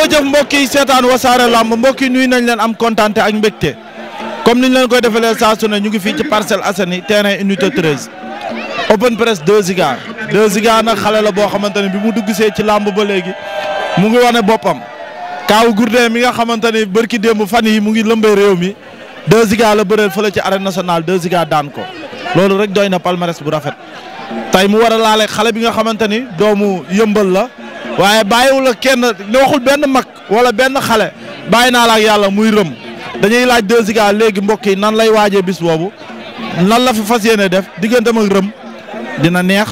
jërëjëf mbokk yi seetaan wasaare lamb mbokk yi nuyu nañ leen am kontaan ak mbégte comme niñ leen koy defalee saa su ñu ngi fii ci Parcelles Assainies terrain unité 13. open press 2 Ziga 2 Ziga nag xale la boo xamante ne bi mu dugg see ci làmb ba léegi mu ngi wane boppam Kaaw Gourdin bi nga xamante ne bërki démb fan yi mu ngi lëmbee réew mi 2 Ziga la bëreel fële ci arène national 2 Ziga daan ko loolu rek doy na palmarès bu rafet tey mu war a laale xale bi nga xamante ni doomu yëmbal la. waaye bàyyiwul ak kenn waxul benn mag wala benn xale bàyyi naa la yàlla muy rëm dañuy laaj Deux Giga léegi mbokk yi nan lay waajee bis boobu nan la fi fas yéene def digganteem ak rëm dina neex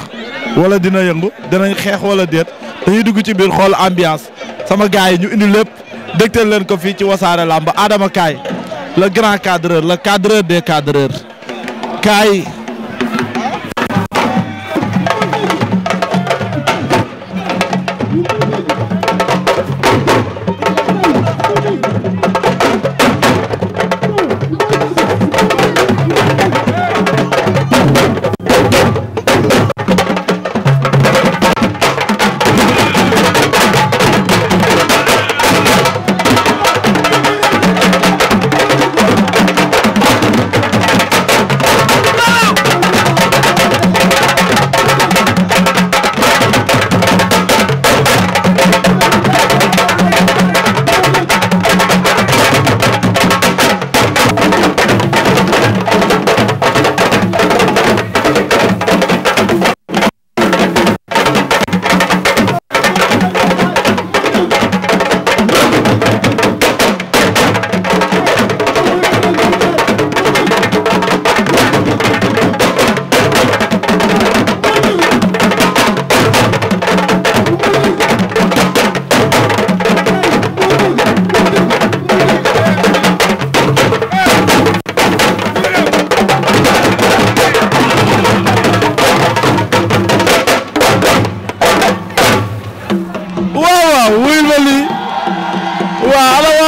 wala dina yëngu dinañ xeex wala déet dañuy dugg ci biir xool ambiance sama gars yi ñu indi lépp dégtal leen ko fii ci wasaare làmb Adama Kaay la grand cadreur la cadreur de cadreurs Kaay.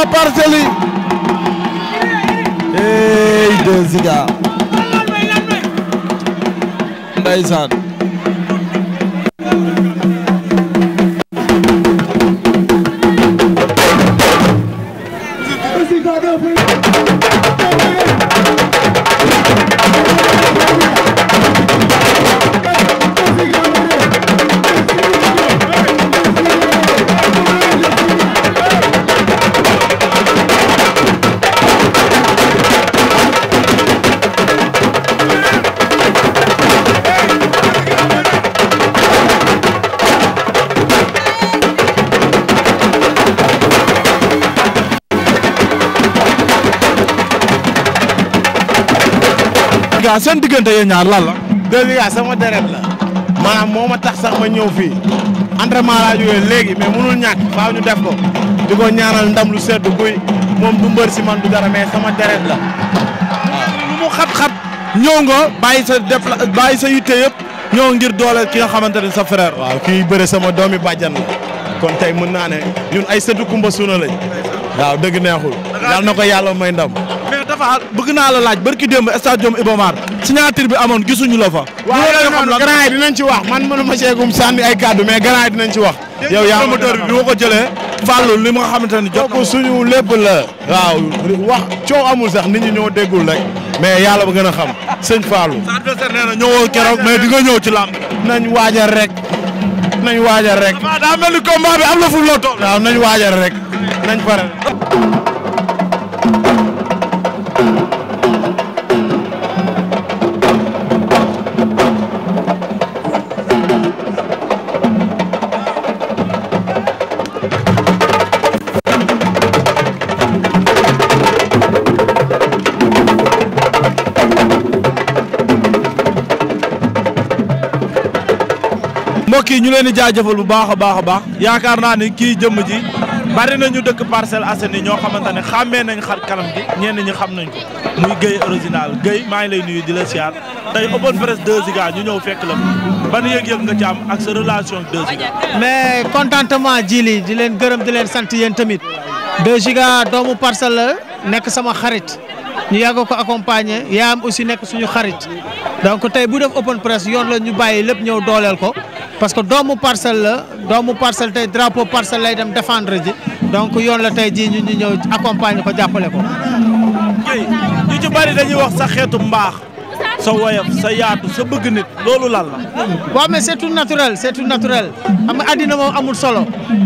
waa Parcelles yi. hey 2 Ziga. ndeysaan. waa seen diggante yéen ñaar lan la. délicat sama deret la maanaam moo ma tax sax ma ñëw fii entraînement laa jógee léegi mais mënul ñàkk faaw ñu def ko di ko ñaanal ndam lu sedd buy moom du mbër si man du dara mais sama deret la. waaw mu xat-xat ñëw nga bàyyi sa def la bàyyi sa yitte yëpp ñëw ngir dooleel ki nga xamante ne sa frère. waaw kii bëre sama doomi bàjjan la kon tey mën naa ne ñun ay sëtu kumba suuna lañ. waaw dëgg neexul. yàlla na ko yàlla may ndam. Tafa bëgg naa la laaj barki démb bi amoon gisuñu la fa. waaw grand yi dinañ ci wax man mënu ma seegum sànni ay kàddu mais grand yi dinañ ci wax. yow yaa ma promoteur bi bi ma ko jëlee. Fallou li ma xamante ni jot ko suñu la. waaw wax coow amul sax nit ñoo déggul rek. mais yàlla ba gën a xam sëñ Fallou. sa adversaire nee na ñëwoo keroog mais di nga ñëw ci làmb. nañ waajal rek. nañ waajal rek. waaw daa mel ni combat bi am na fu mu la toll. rek nañ pare. yi ñu leen di jaajëfal bu baax a baax a baax yaakaar naa ni kii jëmm ji bari nañu dëkk Parcelles Assainies ñoo xamante ne xàmmee nañ xar kanam gi ñenn ñi xam nañ ko muy Guèye original Guèye maa ngi lay nuyu di la siyaar tey open press 2 ñu ñëw fekk la ban yëg-yëg nga ci am ak sa relation 2 mais contentement ji lii di leen gërëm di leen sant yéen tamit 2 Giga doomu Parcelles la nekk sama xarit ñu yàgg ko accompagner yaam aussi nekk suñu xarit donc tey bu def open press yoon la ñu bàyyi lépp ñëw dooleel ko parce que doomu parcelle la doomu parcelle tey drapeau parcelle lay dem défendre ji donc yoon la tey jii ñu ñu ñëw accompagner ko jàppale ko. ñu ci bari dañuy wax sa xeetu mbaax. sa woyof sa yaatu sa bëgg nit loolu lal la. waaw mais c'est tout naturel c'est tout naturel xam nga àddina moom amul solo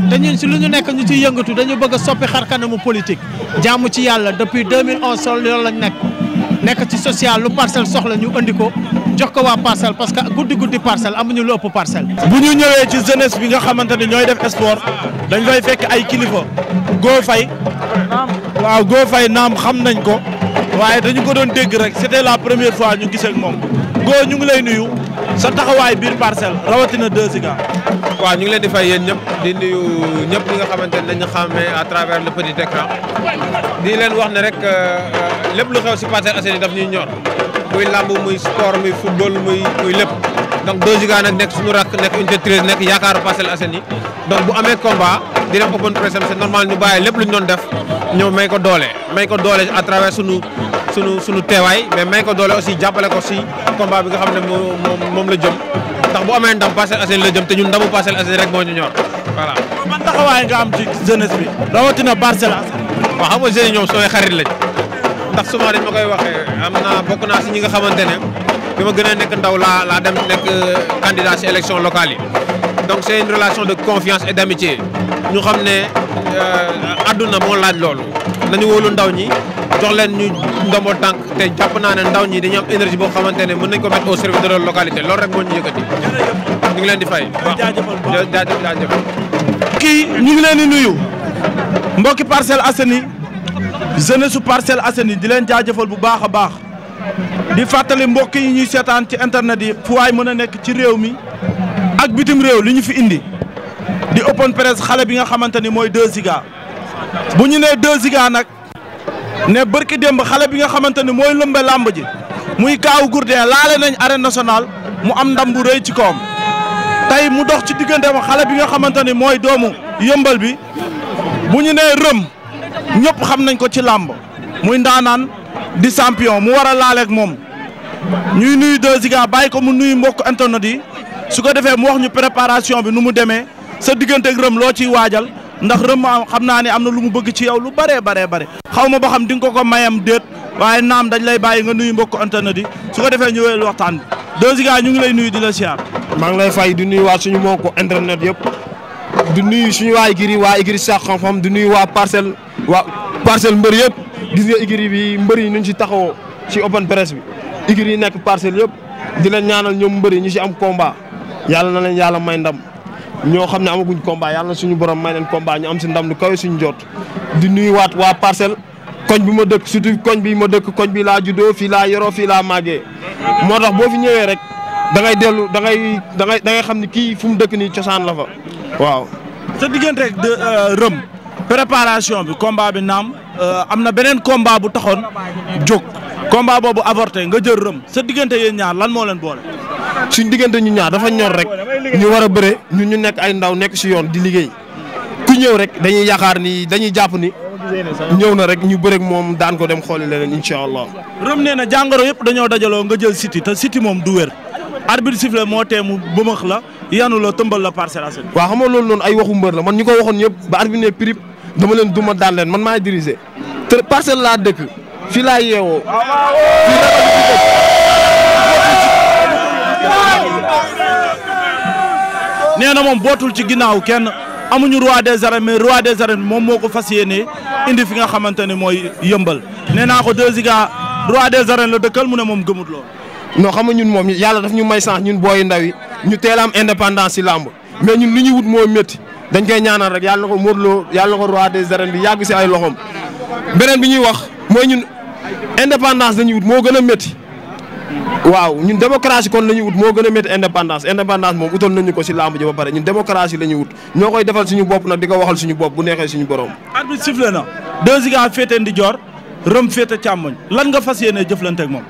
te ñun si lu ñu nekk ñu ciy yëngatu dañu bëgg a soppi xar kanamu politique. jaamu ci yàlla depuis 2011 sol loolu lañ nekk nekk ci social lu parcelle soxla ñu andi ko jox ko waa parcelle parce que guddi guddi parcelle amuñu lu ëpp parcel bu ñu ñëwee ci jeunesse bi nga xamante ne ñooy def sport dañ fay fekk ay kilifa Go Faye waaw Go fay naam xam nañ ko waaye dañu ko doon dégg rek c'était la première fois ñu gisee ak moom Go ñu ngi lay nuyu sa taxawaay biir parcelle rawatina 2 Giga. waaw ñu ngi leen di fay yéen ñëpp di nuyu ñëpp ñi nga xamante ne dañu xàmmee à travers le petit écran di leen wax ne rek euh, euh, lépp lu xew si Parcelles Assainies daf ñuy ñor. muy làmb muy sport muy football muy muy lépp donc Doojiga nag nekk suñu rakk nekk unité nekk yaakaaru Parcelles Assainies donc bu amee combat di def open press am normal ñu bàyyi lépp lu ñu doon def ñëw may ko doole may ko doole à travers sunu sunu sunu teewaay mais may ko doole aussi jàppale ko si combat bi nga xam ne moom moom la jëm ndax bu amee ndam Parcelles Assainies la jëm te ñun ndamu Parcelles Assainies rek moo ñu ñor voilà. man taxawaay nga am ci jeunesse nga jeunes yi ñoom sooy xarit lañ. ndax souvent dañ ma koy waxee am na bokk naa si ñi nga xamante ne bi ma gën a nekk ndaw laa laa dem nekk euh, candidat si élection locale yi donc c'est une relation de confiance et d'amitié ñu xam ne euh, àdduna moo laaj loolu nañu wóolu ndaw ñi jox leen ñu ndombo tànk te jàpp naa ne ndaw ñi dañu am énergie boo xamante ne mën nañ ko mettre au service de localité loolu rek moo ñu yëkkati ñu leen di fay jaajëf jaajëf kii ñu ngi leen di nuyu mbokki Parcelles Assainies jeunesse su Parcelles Assainies di leen jaajëfal bu baax a baax di fàttali mbokk yi ñuy seetaan ci internet yi fu waay mën a nekk ci réew mi ak bitim réew li ñu fi indi di open presse xale bi nga xamante ni mooy 2 Giga bu ñu nee 2 Giga nag ne bërki démb xale bi nga xamante ni mooy lëmbe làmb ji muy kaaw Gourdin laale nañ arène national mu am ndam bu rëy ci kawam tey mu dox ci diggante ma xale bi nga xamante ni mooy doomu yëmbal bi bu ñu nee rëm. ñëpp xam nañ ko ci làmb muy ndaanaan di champion mu waral laaleek moom ñuy nuyu deux Ziga bàyyi ko mu nuyu mbokk internet yi su ko defee mu wax ñu préparation bi nu mu demee sa diggante ak rëm loo ciy waajal ndax rëm xam naa ne am na lu mu bëgg ci yow lu bëree baree bare xaw ma ba xam di nga ko ko mayam déet waaye naam dañ lay bàyyi nga nuyu mbokk internet yi su ko defee ñu wéyal waxtaan bi deux ñu ngi lay nuyu di la siyaar. maa ngi lay fay di nuyu waa suñu mbokku internet yëpp di waaw parcelle mbër yëpp gis nga écurie bi mbër yi ñu ci taxawoo ci open press bi écurie yi nekk parcelle yëpp di leen ñaanal ñoom mbër yi ñu si am combat yàlla na leen yàlla may ndam ñoo xam ne amaguñ combat yàlla na suñu borom may leen combat ñu am ci ndam lu kawe suñu jot di nuyuwaat waa parcelle koñ bi ma dëkk surtout koñ bi ma dëkk koñ bi laa juddoo fii laa yoroo fii laa màggee moo tax boo fi ñëwee rek da ngay dellu da ngay da da ngay xam ni kii fu mu dëkk nii cosaan la fa waaw. sa diggante rek de rëm. préparation bi combat bi naam euh, am na beneen combat bu taxoon jóg combat boobu avorté nga jël rëm sa diggante yéen ñaar lan moo leen boole. suñ diggante ñu ñaar dafa ñor rek ñu war a bëre ñu ñu nekk ay ndaw nekk si yoon di liggéey ku ñëw rek dañuy yaakaar ni dañuy jàpp ni ñëw na rek ñu bëre ak moom daan ko dem xooli leneen incha allah. rëm nee na jàngoro yëpp dañoo dajaloo nga jël siti te siti moom du wér. arbitre sifflé moo tee bëmëx la yanu la tëmbal la Parcelles Assainies. waa xam nga loolu noonu ay waxu mbër la man ñi ko waxoon ñëpp ba arbitre ne prip dama leen duma daan leen man maay diriger te parcelle laa dëkk fii laa yeewoo. na moom bootul ci ginnaaw kenn amuñu roi de arènes mais roi des arènes moom moo ko fas yéenee indi fi nga xamante ne mooy yëmbal nee naa ko deux Ziga roi des arènes la dëkkal mu ne moom gëmut loo non xam nga ñun moom yàlla daf ñu may sax ñun booy ndaw yi ñu teel am indépendance si làmb mais ñun lu ñuy wut moo métti dañ koy ñaanal rek yàlla na ko Modou Lo yàlla na ko roi des bi yàgg si ay loxoom. beneen bi ñuy wax mooy ñun indépendance dañuy wut moo gën a métti waaw ñun démocratie kon la ñuy wut moo gën a métti indépendance indépendance moom utal nañu ko si làmb ji ba pare ñun démocratie la ñuy wut ñoo koy defal suñu bopp nag di ko waxal suñu bopp bu neexee suñu borom. arbitre sifflé na deux Ziga féete lan nga fas yéene jëflante ak moom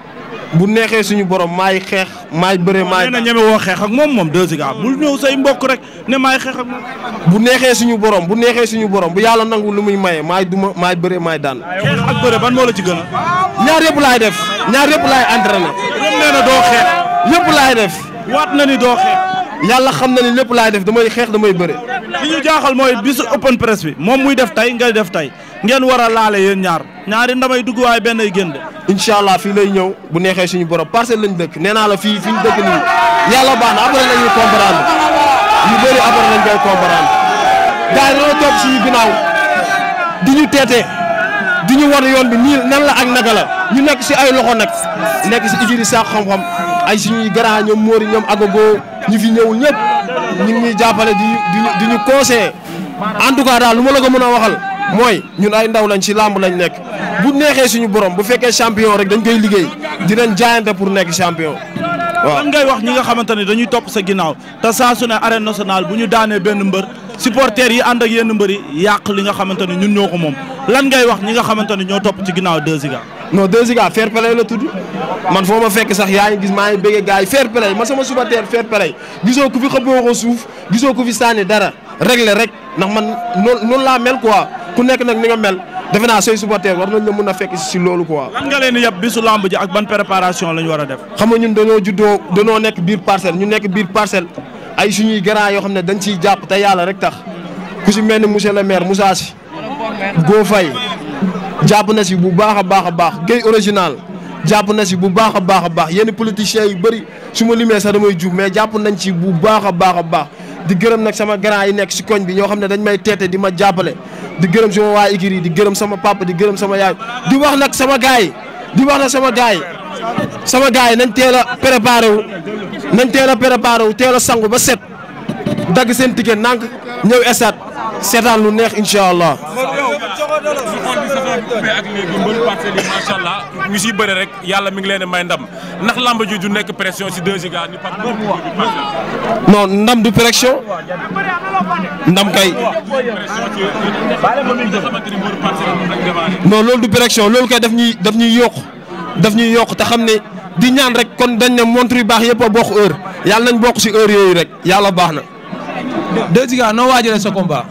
bu neexee suñu borom maay xeex maay bëre maay. na ñeme xeex ak moom moom deux Ziga bul ñëw say rek ne maay xeex bu neexee suñu borom bu neexee suñu borom bu yàlla nangu lu muy maye maay duma maay bëre maay daan. xeex ak la ci gën ñaar yëpp laay def ñaar yëpp laay entraîné. ñoom na doo xeex. laay def. waat na ni doo xeex. xam na ni lépp laay def damay xeex damay bëre. li ñu jaaxal mooy bisu open press bi moom muy def tey ngay def tey ngeen war a laale yéen ñaar ñaari ndamay dugg waaye benn ay génn. incha allah fii lay ñëw bu neexee suñu borom parcelle lañ dëkk nee naa la fii fi ñu dëkk nii yàlla baax na après la ñuy comprendre yu bëri après lañ koy comprendre. gars yi dañoo topp di ñu teete di ñu war yoon bi nii nan la ak naka la ñu nekk si ay loxo nag nekk si di Sakho xam-xam ay suñuy grand ñoom Mori ñoom Agogo ñu fi ñëwul ñëpp ñu ngi ñuy jàppale di di ñu conseillé en tout cas daal lu ma la ko mën a waxal. mooy ñun ay ndaw lañ si làmb lañu nekk bu neexee suñu borom bu fekkee champion rek dañ koy liggéey dinañ jaayante pour nekk champion. waaw lan ngay wax ñi nga xamante ne dañuy topp sa ginnaaw te saa su ne nationale bu ñu daanee benn mbër supporters yi ànd ak yenn mbër yi yàq li nga xamante ne ñun ñoo ko moom lan ngay wax ñi nga xamante ne ñoo topp ci ginnaaw 2 Giga. non 2 Giga fair play la tudd man foo ma fekk sax yaa ngi gis maa ngi bëggee gars yi fair play ma sama supporter fair play gisoo ku fi xëppoo ko suuf gisoo ku fi sànni dara régler rek ndax man noonu noonu laa mel quoi. ku nekk nag ni nga mel defe naa say supporters war nañ la mën a fekk si loolu quoi. lan nga leen yab ji ak ban préparation la ñu war a def. xam nga ñun dañoo juddoo dañoo nekk biir parcelle ñu nekk biir parcelle ay suñuy grand yoo xam ne dañ ciy jàpp te yàlla rek tax ku si mel ni monsieur le maire Moussa Sy Go jàpp na si bu baax a baax a baax gay original jàpp na si bu baax a baax a baax yenn politiciens yu bëri su ma limee sax damay jub mais jàpp nañ ci bu baax a baax a baax di gërëm nag sama grand yi nekk si koñ bi ñoo xam ne dañ may teete di ma jàppale di gërëm sama waa Ikiri di gërëm sama papa di gërëm sama yaay di wax nag sama gars yi di wax nag sama gaay sama gars yi nañ teel a préparé nañ teel a préparé wu teel a sangu ba set dagg seen ticket nang ñëw estat seetaan lu neex incha allah. ubbee ak léegi mbëru parcelles yi macha bëre rek yàlla mi ngi leen may ndam ndax làmb ji du nekk pression si deux Giga ni par non ndam du pression ndam kay. non loolu du pression loolu kay daf ñuy daf ñuy yokk daf ñuy yokk te xam ne di ñaan rek kon dañ ne montre yu baax yëpp a bokk heure yàlla nañ bokk si heure yooyu rek yàlla baax na. deux Giga noo waajalee sa combat.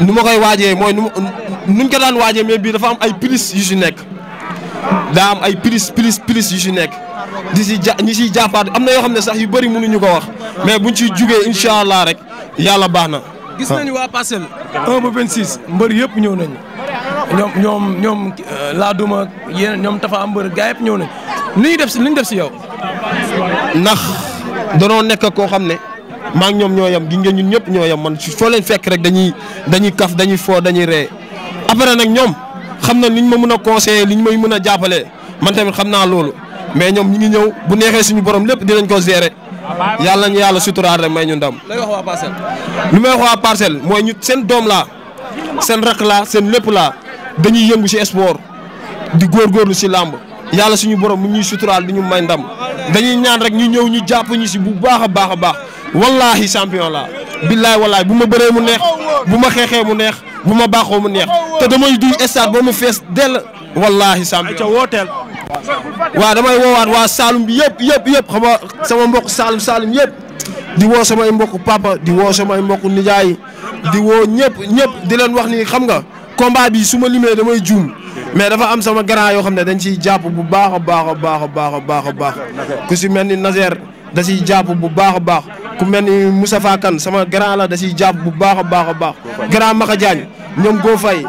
nu ma koy waajee mooy nuñ ko daan waajee mais bii dafa am ay prise yu si nekk daa am ay prise prise prise yu si nekk di si ja ñi siy jàppaat am na yoo xam ne sax yu bëri mënuñu ko wax mais buñ ci jugee incha allah rek yàlla baax na. gis nañu waa Parcelles 1 ah. ba 26 mbër yëpp ñëw nañu ñoom ñoom ñoom euh, laa duma yéen ñoom tafa am mbër gaa yëpp ñëw nañu nu ñu def si li ñu def si yow. ndax danoo nekk koo xam ne maa ñoom ñoo yem gi ngeen ñun ñëpp ñoo yem man foo leen fekk rek dañuy dañuy kaf dañuy foo dañuy ree après nag ñoom xam na liñ ma mën a conseiller liñ may mën a jàppale man tamit xam naa loolu mais ñoom ñu ñëw bu neexee suñu borom lépp dinañ ko gérer yàlla nañu yàlla suturaat rek may ñu ndam. lay wax waa parcelle. lu may wax waa mooy ñu seen doom laa seen rakk laa seen lépp laa dañuy yëngu ci sport di góor góorgóorlu ci làmb yàlla suñu boroom mu ñuy suturaal di ñu may ndam dañuy ñaan rek ñu ñëw ñu jàpp ñu ci bu baax a baax a baax wallaahi champion laa. billaay wallaahi bu ma bëree mu neex bu ma xeexee mu neex. bu ma baaxoo mu neex te damay duy stade ba mu fees dell wallaahi sam ca wooteel waaw damay woowaat waa Saalum bi yëpp yëpp yëpp xam sama mbokk Saalum Saalum yëpp di woo samay mbokk papa di woo samay mbokk nijaay di woo ñëpp ñëpp di leen wax ni xam nga combat bi su ma limee damay juum mais dafa am sama grand yoo xam ne dañ ciy jàpp bu baax a baax a baax a baax a baax ku si mel ni Nazer da siy jàpp bu baax a baax ku mel ni Moustapha Kane sama grand la da siy jàpp bu baax a baax a baax. grand Maka Diagne ñoom goo fay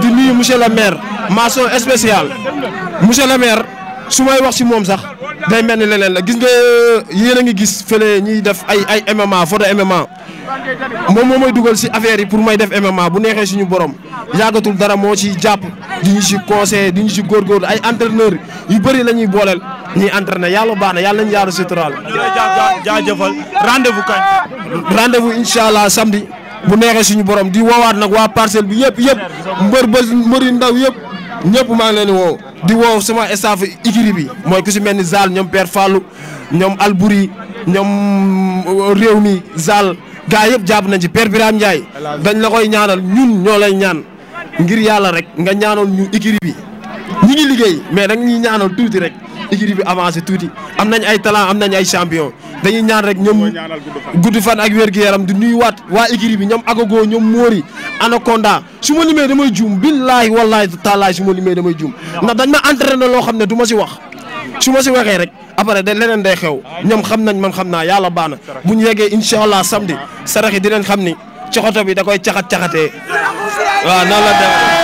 di nuyu monsieur le maire mention spéciale monsieur le maire su may wax si moom sax day mel ni leneen la gis nga yéen a ngi gis fële ñuy def ay ay MMA photo MMA. moom moom may dugal si affaire yi pour may def MMA bu neexee suñu borom yàggatul dara moo ciy jàpp di ñu si conseillé di ñu si góorgóorlu ay entraîneur yu bëri la ñuy booleel. ñuy entraîné yàlla baax na yàlla nañu yaaru suturaal. ñu lay jaajëfal rendez vous kañ. rendez vous incha allah samdi bu neexee suñu borom di woowaat nag waa parcelle bi yëpp yëpp mbër ba mbër yu ndaw yëpp ñëpp maa ngi leen di woo di woo sama staff écurie bi mooy ku si mel ni ñoom per Fallou ñoom Albouri ñoom euh, réew mi Zal gaa yëpp jàpp nañ ci Père Birame Ndiaye dañ la koy ñaanal ñun ñoo lay ñaan ngir yàlla rek nga ñaanal ñu écurie bi ñu liggéey mais nag ñuy ñaanal tuuti rek. équipe bi avancé tuuti am nañ ay talent am nañ ay champion dañuy ñaan rek ñoom gudd fan ak wér gu yaram di nuyuwaat waa équipe bi ñoom agogo ñoom Mori Anaconda su ma limee damay juum billaahi wallaahi taalaahi su ma limee damay juum ndax dañ ma entraîné loo xam ne duma si wax su ma si waxee rek après da leneen day xew ñoom xam nañ man xam naa yàlla baax na bu ñu yeggee incha allah samedi sarax di dinañ xam ni coxoto bi da koy caxat caxatee waaw noonu la demee